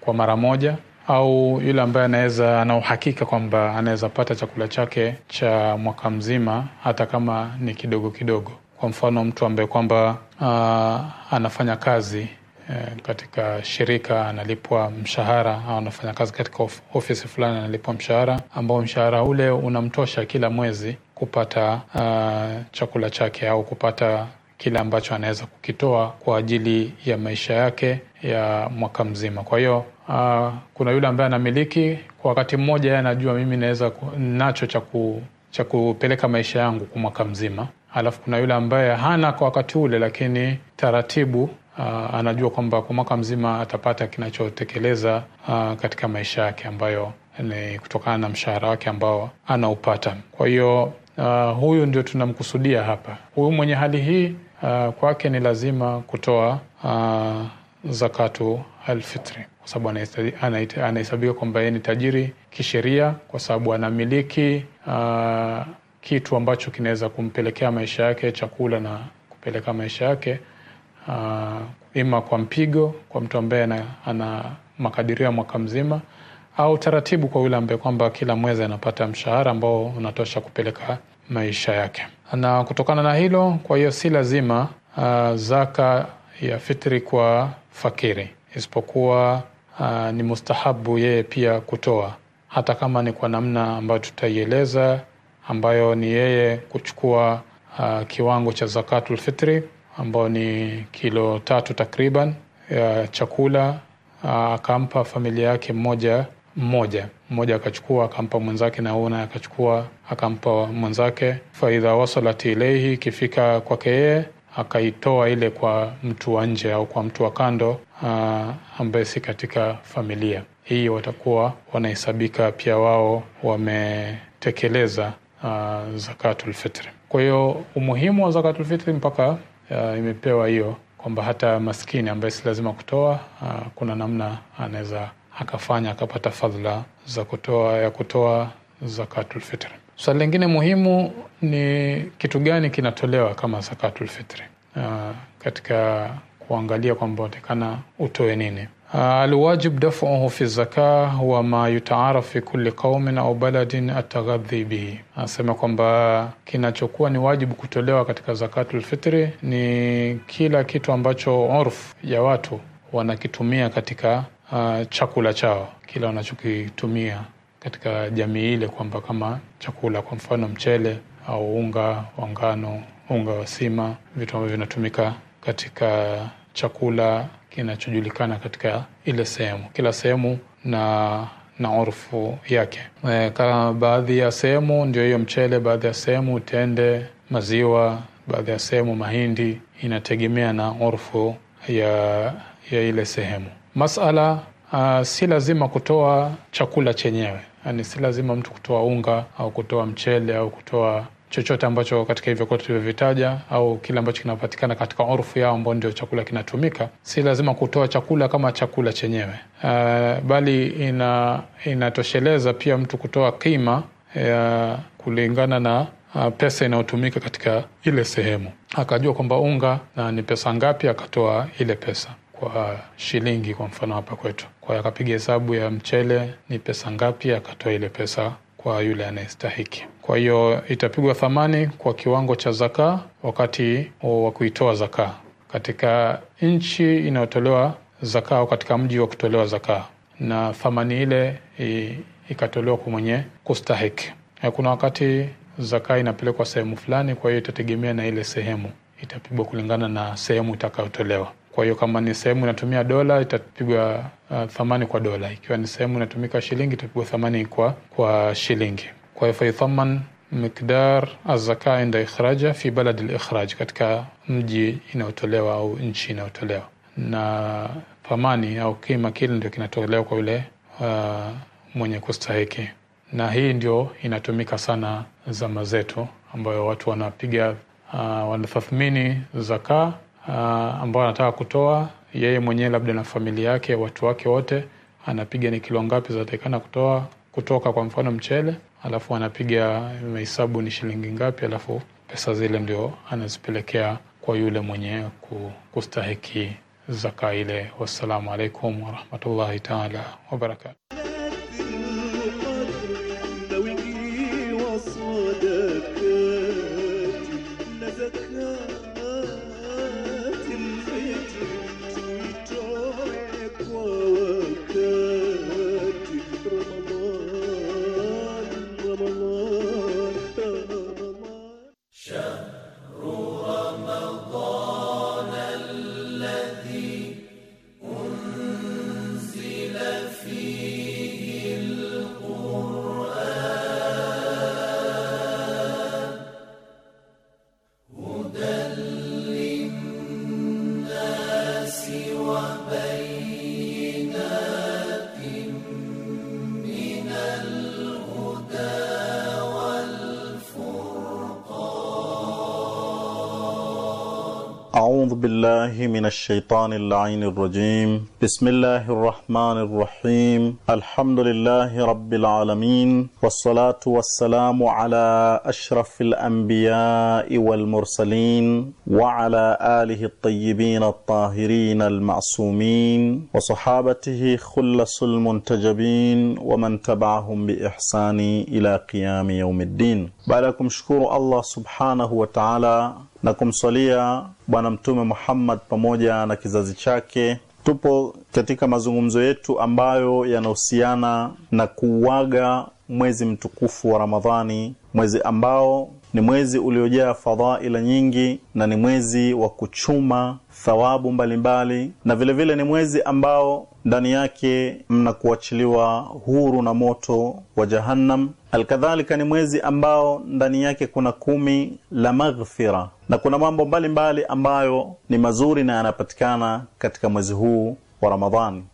kwa mara moja au yule ambaye anaweza ana uhakika kwamba anaweza pata chakula chake cha mwaka mzima hata kama ni kidogo kidogo. Kwa mfano mtu ambaye kwamba uh, anafanya kazi eh, katika shirika analipwa mshahara au anafanya kazi katika of, ofisi fulani analipwa mshahara ambao mshahara ule unamtosha kila mwezi kupata uh, chakula chake au kupata kile ambacho anaweza kukitoa kwa ajili ya maisha yake ya mwaka mzima. Kwa hiyo uh, kuna yule ambaye anamiliki kwa wakati mmoja, yeye anajua mimi naweza nacho cha kupeleka maisha yangu kwa mwaka mzima, alafu kuna yule ambaye hana kwa wakati ule, lakini taratibu uh, anajua kwamba kwa mwaka mzima atapata kinachotekeleza uh, katika maisha yake ambayo ni kutokana na mshahara wake ambao anaupata. Kwa hiyo uh, huyu ndio tunamkusudia hapa, huyu mwenye hali hii uh, kwake ni lazima kutoa uh, zakatu alfitri kwa sababu anahesabika kwamba yeye ni tajiri kisheria, kwa sababu anamiliki uh, kitu ambacho kinaweza kumpelekea maisha yake chakula na kupeleka maisha yake uh, ima kwa mpigo, kwa mtu ambaye ana, ana makadirio ya mwaka mzima au taratibu kwa yule ambaye kwamba kila mwezi anapata mshahara ambao unatosha kupeleka maisha yake. Na kutokana na hilo, kwa hiyo si lazima uh, zaka ya fitri kwa fakiri, isipokuwa uh, ni mustahabu yeye pia kutoa, hata kama ni kwa namna ambayo tutaieleza, ambayo ni yeye kuchukua uh, kiwango cha zakatul fitri ni kilo tatu takriban ya chakula uh, akampa familia yake mmoja mmoja mmoja akachukua akampa mwenzake, naona akachukua akampa mwenzake. faidha wasalat ilaihi, ikifika kwake yeye akaitoa ile kwa mtu wa nje au kwa mtu wa kando ah, ambaye si katika familia hii, watakuwa wanahesabika pia wao wametekeleza ah, zakatulfitri Kwa hiyo umuhimu wa zakatulfitri mpaka aa, ah, imepewa hiyo kwamba hata maskini ambaye si lazima kutoa aa, kuna namna anaweza akafanya akapata fadhila za kutoa ya kutoa zakatulfitri. Swali lingine muhimu ni kitu gani kinatolewa kama zakatulfitri uh, ah, katika kuangalia kwamba atekana utoe nini. Uh, alwajib dafuhu fi zaka wa ma yutaaraf fi kulli qaumin au baladin ataghadhi bihi, anasema kwamba kinachokuwa ni wajibu kutolewa katika zakatulfitri ni kila kitu ambacho urf ya watu wanakitumia katika uh, chakula chao kila wanachokitumia katika jamii ile, kwamba kama chakula, kwa mfano mchele au unga wa ngano, unga wa sima, vitu ambavyo vinatumika katika chakula kinachojulikana katika ile sehemu. Kila sehemu na na urfu yake. E, eh, kama baadhi ya sehemu ndio hiyo mchele, baadhi ya sehemu tende, maziwa, baadhi ya sehemu mahindi. Inategemea na urfu ya ya ile sehemu masala uh, si lazima kutoa chakula chenyewe, yani si lazima mtu kutoa unga au kutoa mchele au kutoa chochote ambacho katika hivyo kote tulivyovitaja au kile ambacho kinapatikana katika urfu yao ambao ndio chakula kinatumika, si lazima kutoa chakula kama chakula chenyewe. Uh, bali ina inatosheleza pia mtu kutoa kima ya eh, kulingana na ah, pesa inayotumika katika ile sehemu, akajua kwamba unga na ni pesa ngapi, akatoa ile pesa kwa shilingi, kwa mfano hapa kwetu. Kwa hiyo akapiga hesabu ya mchele ni pesa ngapi, akatoa ile pesa kwa yule anayestahiki. Kwa hiyo itapigwa thamani kwa kiwango cha zakaa wakati wa kuitoa zakaa katika nchi inayotolewa zakaa au katika mji wa kutolewa zakaa, na thamani ile ikatolewa kwa mwenye kustahiki. Kuna wakati zakaa inapelekwa sehemu fulani, kwa hiyo itategemea na ile sehemu, itapigwa kulingana na sehemu itakayotolewa. Kwa hiyo kama ni sehemu inatumia dola itapigwa uh, thamani kwa dola, ikiwa ni sehemu inatumika shilingi itapigwa thamani kwa, kwa shilingi. Kwa hiyo faithaman miqdar azaka inda ikhraja fi balad likhraj, katika mji inayotolewa au nchi inayotolewa, na thamani au kima kile ndio kinatolewa kwa yule uh, mwenye kustahiki, na hii ndio inatumika sana zama zetu, ambayo watu wanapiga uh, wanatathmini zaka uh, ambayo anataka kutoa yeye mwenyewe labda na familia yake watu wake wote anapiga ni kilo ngapi zinatakikana kutoa kutoka kwa mfano mchele alafu anapiga mahesabu ni shilingi ngapi alafu pesa zile ndio anazipelekea kwa yule mwenye kustahiki zaka ile wassalamu alaikum warahmatullahi taala wabarakatu أعوذ بالله من الشيطان اللعين الرجيم بسم الله الرحمن الرحيم الحمد لله رب العالمين والصلاة والسلام على أشرف الأنبياء والمرسلين وعلى آله الطيبين الطاهرين المعصومين وصحابته خلص المنتجبين ومن تبعهم بإحسان إلى قيام يوم الدين بعدكم شكور الله سبحانه وتعالى na kumswalia Bwana Mtume Muhammad pamoja na kizazi chake. Tupo katika mazungumzo yetu ambayo yanahusiana na kuuaga mwezi mtukufu wa Ramadhani, mwezi ambao ni mwezi uliojaa fadhaila nyingi na ni mwezi wa kuchuma thawabu mbalimbali mbali, na vilevile vile ni mwezi ambao ndani yake mna kuachiliwa huru na moto wa Jahannam. Alkadhalika ni mwezi ambao ndani yake kuna kumi la maghfira na kuna mambo mbalimbali mbali ambayo ni mazuri na yanapatikana katika mwezi huu wa Ramadhani.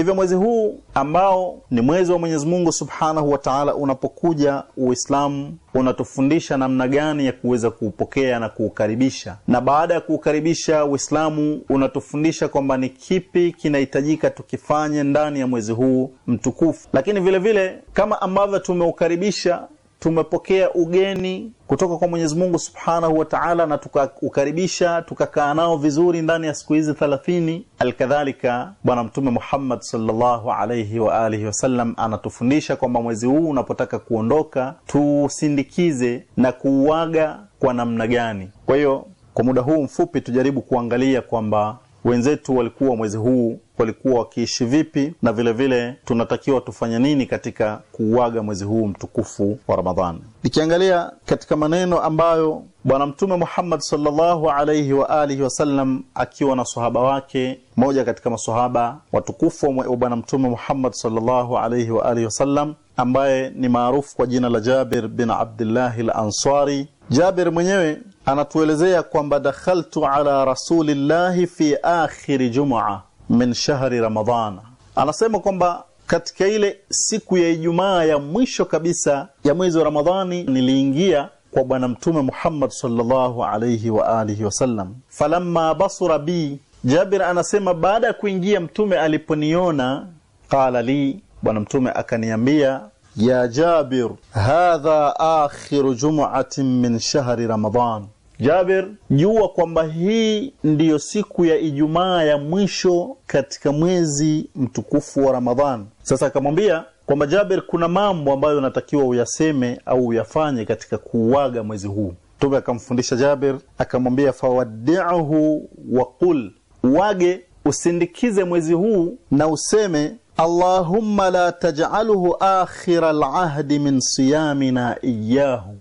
Hivyo mwezi huu ambao ni mwezi wa Mwenyezi Mungu Subhanahu wa Ta'ala, unapokuja Uislamu unatufundisha namna gani ya kuweza kuupokea na kuukaribisha, na baada ya kuukaribisha Uislamu unatufundisha kwamba ni kipi kinahitajika tukifanye ndani ya mwezi huu mtukufu, lakini vile vile kama ambavyo tumeukaribisha tumepokea ugeni kutoka kwa Mwenyezi Mungu Subhanahu wa Ta'ala, na tukaukaribisha tukakaa nao vizuri ndani ya siku hizi 30. Alkadhalika, Bwana Mtume Muhammad sallallahu alayhi wa alihi wasallam anatufundisha kwamba mwezi huu unapotaka kuondoka, tusindikize na kuuaga kwa namna gani? Kwa hiyo kwa muda huu mfupi tujaribu kuangalia kwamba wenzetu walikuwa mwezi huu walikuwa wakiishi vipi, na vile vile tunatakiwa tufanye nini katika kuuaga mwezi huu mtukufu wa Ramadhani. Nikiangalia katika maneno ambayo Bwana Mtume Muhammad sallallahu alayhi wa alihi wasallam akiwa na sahaba wake, moja katika masahaba watukufu wa Bwana Mtume Muhammad sallallahu alayhi wa alihi wasallam ambaye ni maarufu kwa jina la Jabir bin Abdillahi al-Ansari. Jabir mwenyewe anatuelezea kwamba dakhaltu ala rasulillahi fi akhiri jumua min shahri Ramadhana, anasema kwamba katika ile siku ya Ijumaa ya mwisho kabisa ya mwezi wa Ramadhani niliingia kwa Bwana Mtume Muhammad sallallahu alayhi wa alihi wasallam. Falamma basura bi, Jabir anasema baada ya kuingia Mtume aliponiona, qala li, Bwana Mtume akaniambia ya Jabir, hadha akhiru jumuatin min shahri Ramadhan jaber jua kwamba hii ndiyo siku ya Ijumaa ya mwisho katika mwezi mtukufu wa Ramadhan. Sasa akamwambia kwamba jaber kuna mambo ambayo unatakiwa uyaseme au uyafanye katika kuuaga mwezi huu. Mtume akamfundisha jaber akamwambia fawaddi'uhu wa qul, uage usindikize mwezi huu na useme Allahumma la taj'alhu akhira lahdi min siyamina iyahu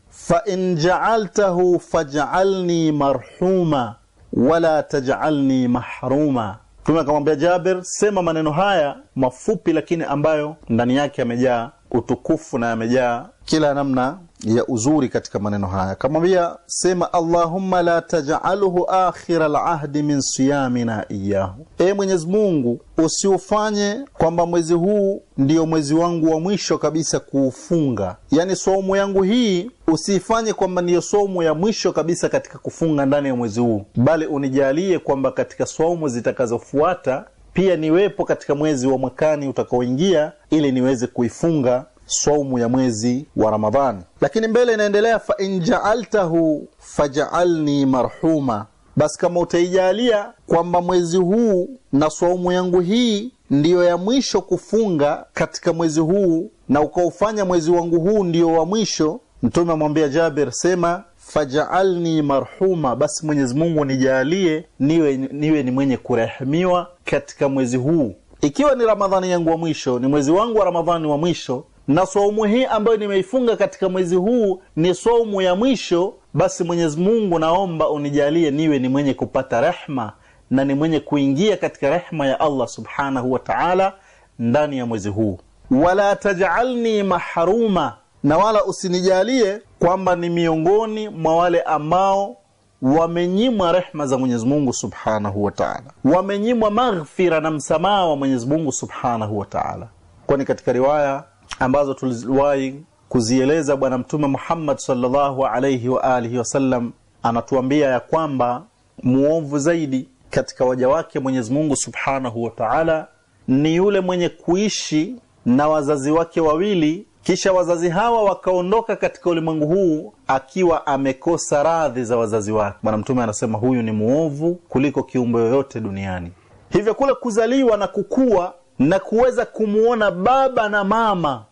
in jaaltahu fajalni marhuma wala tajalni mahruma. Mtume akamwambia Jabir, sema maneno haya mafupi, lakini ambayo ndani yake yamejaa utukufu na yamejaa kila namna ya uzuri katika maneno haya akamwambia sema allahumma la tajaluhu akhira lahdi min siyamina iyahu e ee mwenyezi mungu usiufanye kwamba mwezi huu ndiyo mwezi wangu wa mwisho kabisa kuufunga yani somo yangu hii usiifanye kwamba ndiyo somo ya mwisho kabisa katika kufunga ndani ya mwezi huu bali unijalie kwamba katika somo zitakazofuata pia niwepo katika mwezi wa mwakani utakaoingia ili niweze kuifunga saumu ya mwezi wa Ramadhani. Lakini mbele inaendelea, fa in fajalni fajaalni marhuma, basi kama utaijalia kwamba mwezi huu na saumu yangu hii ndiyo ya mwisho kufunga katika mwezi huu na ukaufanya mwezi wangu huu ndiyo wa mwisho, Mtume amwambia Jabir, sema fajaalni marhuma, basi Mwenyezi Mungu nijalie niwe, niwe ni mwenye kurehemiwa katika mwezi huu, ikiwa ni Ramadhani yangu wa mwisho, ni mwezi wangu wa Ramadhani wa mwisho, na saumu hii ambayo nimeifunga katika mwezi huu ni saumu ya mwisho, basi Mwenyezi Mungu naomba unijalie niwe ni mwenye kupata rehma na ni mwenye kuingia katika rehma ya Allah subhanahu wa ta'ala ndani ya mwezi huu. Wala tajalni mahruma, na wala usinijalie kwamba ni miongoni mwa wale ambao wamenyimwa rehma za Mwenyezi Mungu subhanahu wa ta'ala, wamenyimwa maghfira na msamaha wa Mwenyezi Mungu subhanahu wa ta'ala, kwani katika riwaya ambazo tuliwahi kuzieleza bwana mtume Muhammad sallallahu alayhi wa alihi wasallam anatuambia ya kwamba muovu zaidi katika waja wake Mwenyezi Mungu subhanahu wa taala ni yule mwenye kuishi na wazazi wake wawili, kisha wazazi hawa wakaondoka katika ulimwengu huu akiwa amekosa radhi za wazazi wake. Bwana Mtume anasema huyu ni muovu kuliko kiumbe yoyote duniani. Hivyo kule kuzaliwa na kukua na kuweza kumwona baba na mama.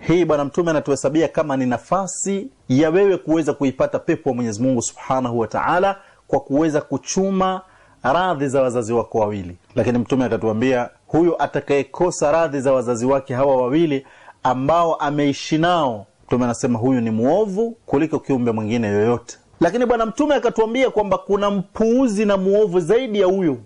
Hii Bwana Mtume anatuhesabia kama ni nafasi ya wewe kuweza kuipata pepo ya Mwenyezi Mungu subhanahu wa taala kwa kuweza kuchuma radhi za wazazi wako wawili. Lakini Mtume akatuambia huyo atakayekosa radhi za wazazi wake hawa wawili ambao ameishi nao, Mtume anasema huyu ni mwovu kuliko kiumbe mwingine yoyote. Lakini Bwana Mtume akatuambia kwamba kuna mpuuzi na mwovu zaidi ya huyu,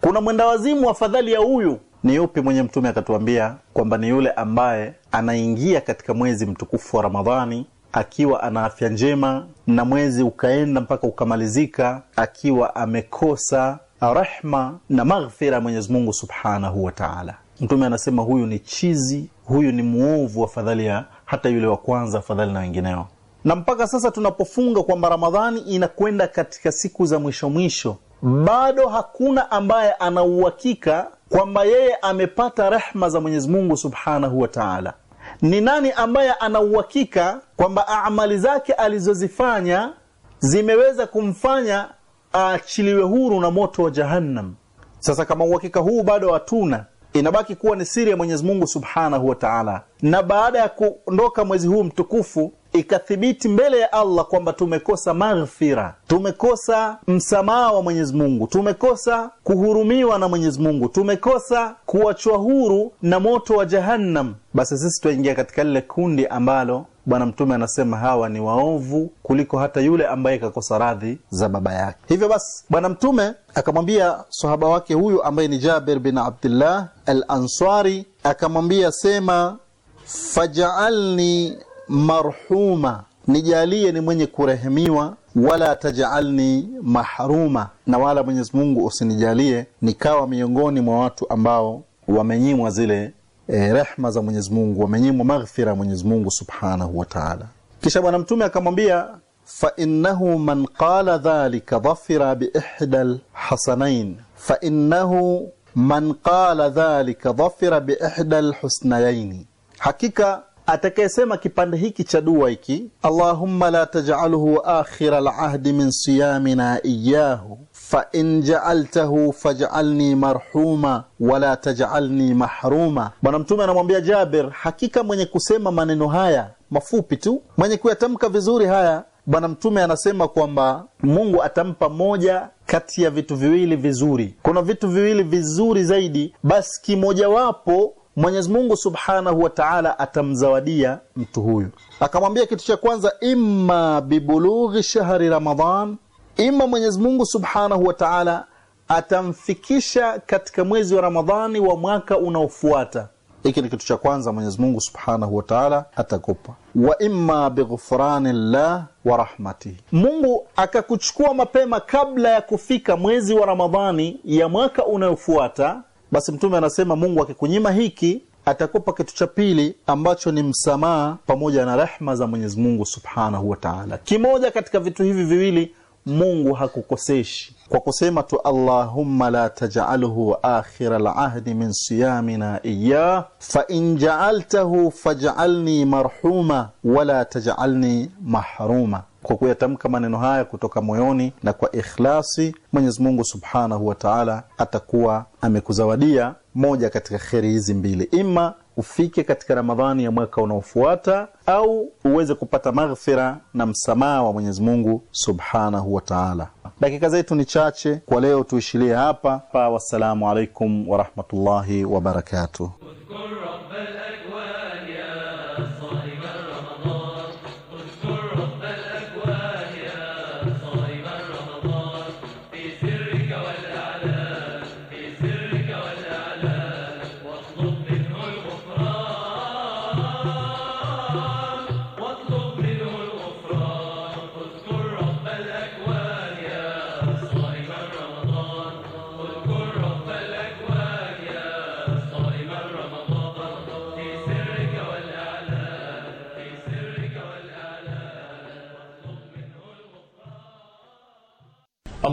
kuna mwendawazimu afadhali ya huyu ni yupi mwenye mtume akatuambia kwamba ni yule ambaye anaingia katika mwezi mtukufu wa Ramadhani akiwa ana afya njema na mwezi ukaenda mpaka ukamalizika akiwa amekosa rehma na maghfira ya mwenyezimungu subhanahu wa taala. Mtume anasema huyu ni chizi, huyu ni mwovu, fadhali ya hata yule wa kwanza, afadhali na wengineo. Na mpaka sasa tunapofunga kwamba Ramadhani inakwenda katika siku za mwisho mwisho, bado hakuna ambaye ana uhakika kwamba yeye amepata rehma za Mwenyezi Mungu Subhanahu wa Ta'ala. Ni nani ambaye ana uhakika kwamba amali zake alizozifanya zimeweza kumfanya aachiliwe huru na moto wa Jahannam? Sasa kama uhakika huu bado hatuna, inabaki kuwa ni siri ya Mwenyezi Mungu Subhanahu wa Ta'ala. Na baada ya kuondoka mwezi huu mtukufu ikathibiti mbele ya Allah kwamba tumekosa maghfira, tumekosa msamaha wa Mwenyezi Mungu, tumekosa kuhurumiwa na Mwenyezi Mungu, tumekosa kuachwa huru na moto wa Jahannam, basi sisi twaingia katika lile kundi ambalo Bwana Mtume anasema hawa ni waovu kuliko hata yule ambaye kakosa radhi za baba yake. Hivyo basi, Bwana Mtume akamwambia sahaba wake huyu ambaye ni Jabir bin Abdullah al-Ansari, akamwambia sema, faj'alni marhuma, nijalie ni mwenye kurehemiwa, wala tajalni mahruma, na wala Mwenyezi Mungu usinijalie nikawa miongoni mwa watu ambao wamenyimwa zile eh, rehma za Mwenyezi Mungu, wamenyimwa maghfira ya Mwenyezi Mungu subhanahu wa taala. Kisha Bwana Mtume akamwambia fa innahu man qala dhalika dhafira biihda lhasanain fa innahu man qala dhalika dhafira biihda lhusnayaini, hakika atakayesema kipande hiki cha dua hiki, Allahumma la taj'alhu akhira al min siyamina iyyahu fa in ja'altahu faj'alni marhuma wala taj'alni mahruma. Bwana Mtume anamwambia Jabir, hakika mwenye kusema maneno haya mafupi tu, mwenye kuyatamka vizuri haya, Bwana Mtume anasema kwamba Mungu atampa moja kati ya vitu viwili vizuri. Kuna vitu viwili vizuri zaidi, basi kimojawapo Mwenyezi Mungu Subhanahu wa Ta'ala atamzawadia mtu huyu. Akamwambia kitu cha kwanza, imma bibulughi shahri Ramadhan, imma Mwenyezi Mungu Subhanahu wa Ta'ala atamfikisha katika mwezi wa Ramadhani wa mwaka unaofuata. Hiki ni kitu cha kwanza Mwenyezi Mungu Subhanahu wa Ta'ala atakupa. Wa imma bighfrani llah wa rahmatihi, Mungu akakuchukua mapema kabla ya kufika mwezi wa Ramadhani ya mwaka unaofuata basi mtume anasema mungu akikunyima hiki atakupa kitu cha pili ambacho ni msamaha pamoja na rehma za mwenyezi mungu subhanahu wataala kimoja katika vitu hivi viwili mungu hakukoseshi kwa kusema tu allahumma la tajalhu akhira lahdi min siyamina iyah fain jaaltahu fajalni marhuma wala tajalni mahruma kwa kuyatamka maneno haya kutoka moyoni na kwa ikhlasi, Mwenyezi Mungu subhanahu wa taala atakuwa amekuzawadia moja katika kheri hizi mbili, ima ufike katika Ramadhani ya mwaka unaofuata au uweze kupata maghfira na msamaha wa Mwenyezi Mungu subhanahu wa taala. Dakika zetu ni chache kwa leo, tuishilie hapa pa. Wassalamu alaikum warahmatullahi wabarakatuh.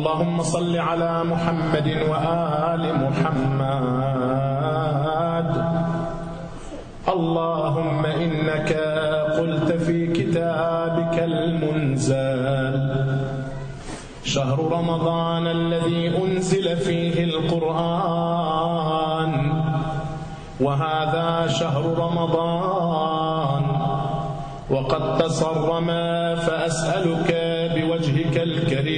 اللهم صل على محمد وآل محمد اللهم إنك قلت في كتابك المنزل شهر رمضان الذي أنزل فيه القرآن وهذا شهر رمضان وقد تصرم فأسألك بوجهك الكريم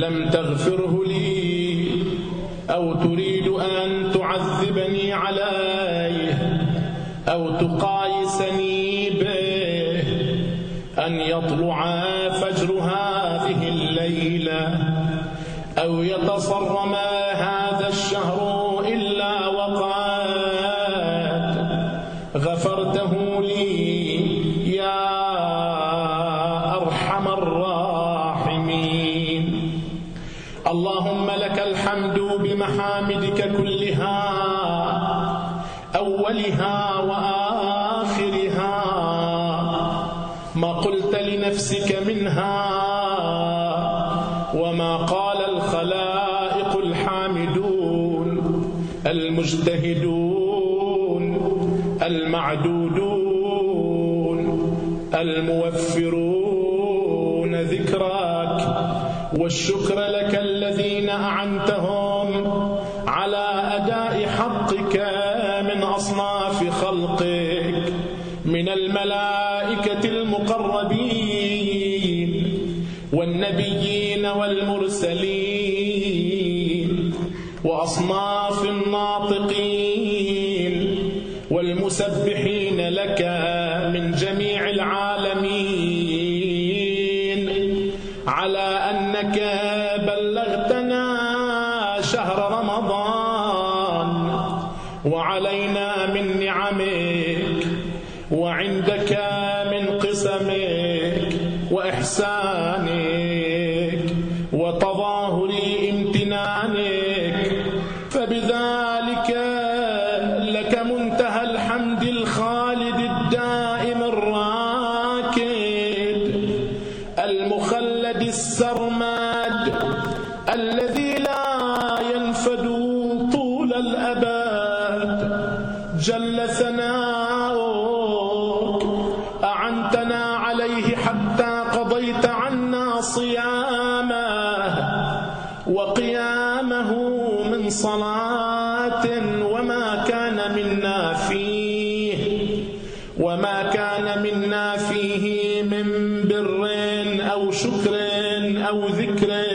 لم تغفره لي أو تريد أن تعذبني عليه أو تقايسني به أن يطلع فجر هذه الليلة أو يتصرم اللهم لك الحمد بمحامدك كلها أولها وآخرها ما قلت لنفسك منها وما قال الخلائق الحامدون المجتهدون المعدودون الموفرون ذكرك والشكر وما كان منا فيه من بر أو شكر أو ذكر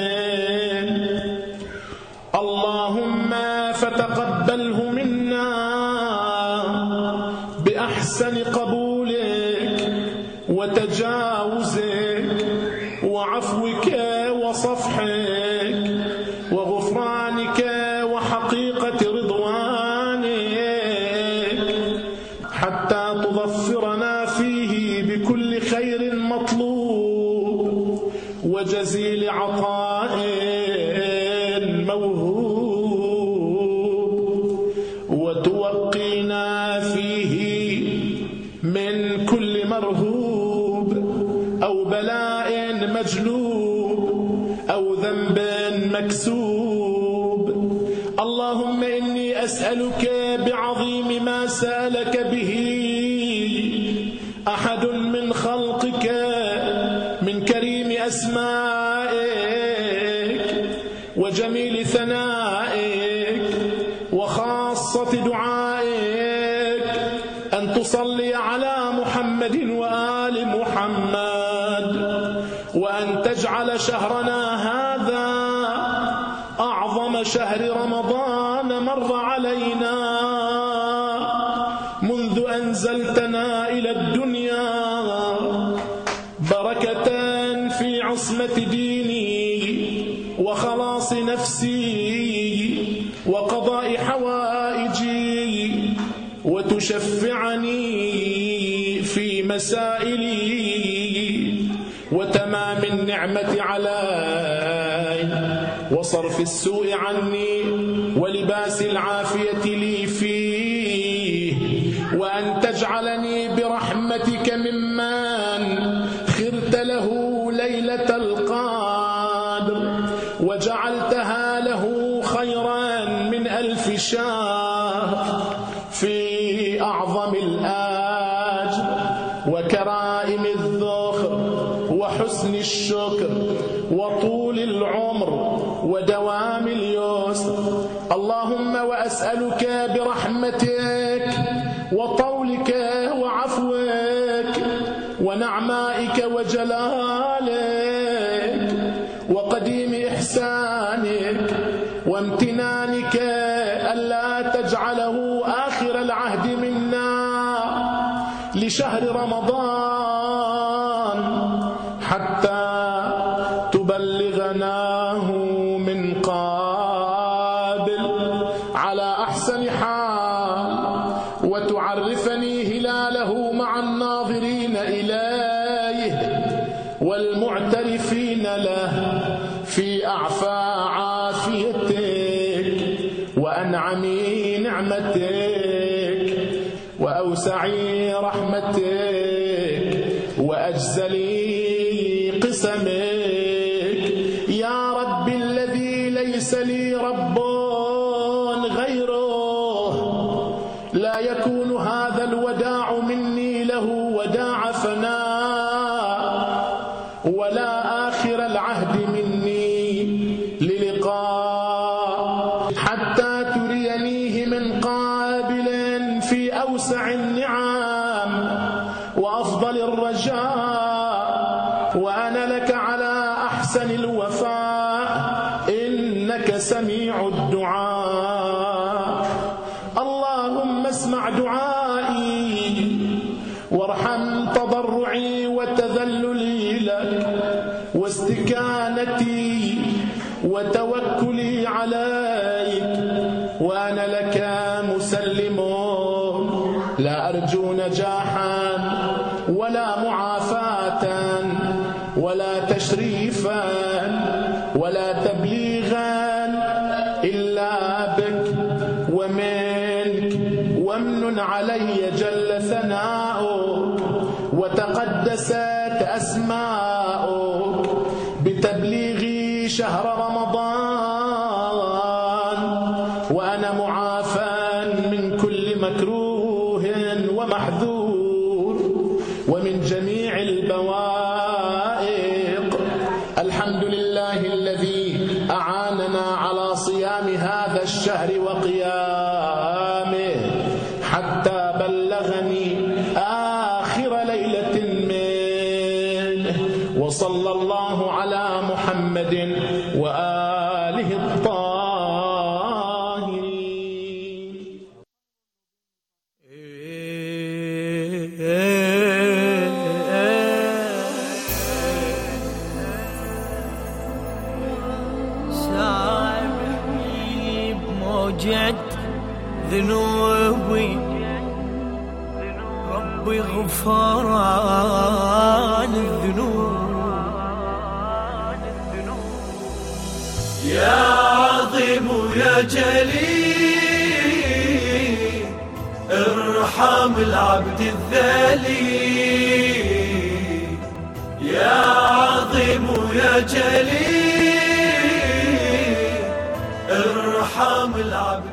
وصرف السوء عني ولباس العافية لي فيه وأفضل الرجاء وأنا لك على أحسن الوفاء إنك سميع الدعاء ابو يا جليل ارحم العبد الذليل يا عظيم يا جليل ارحم العبد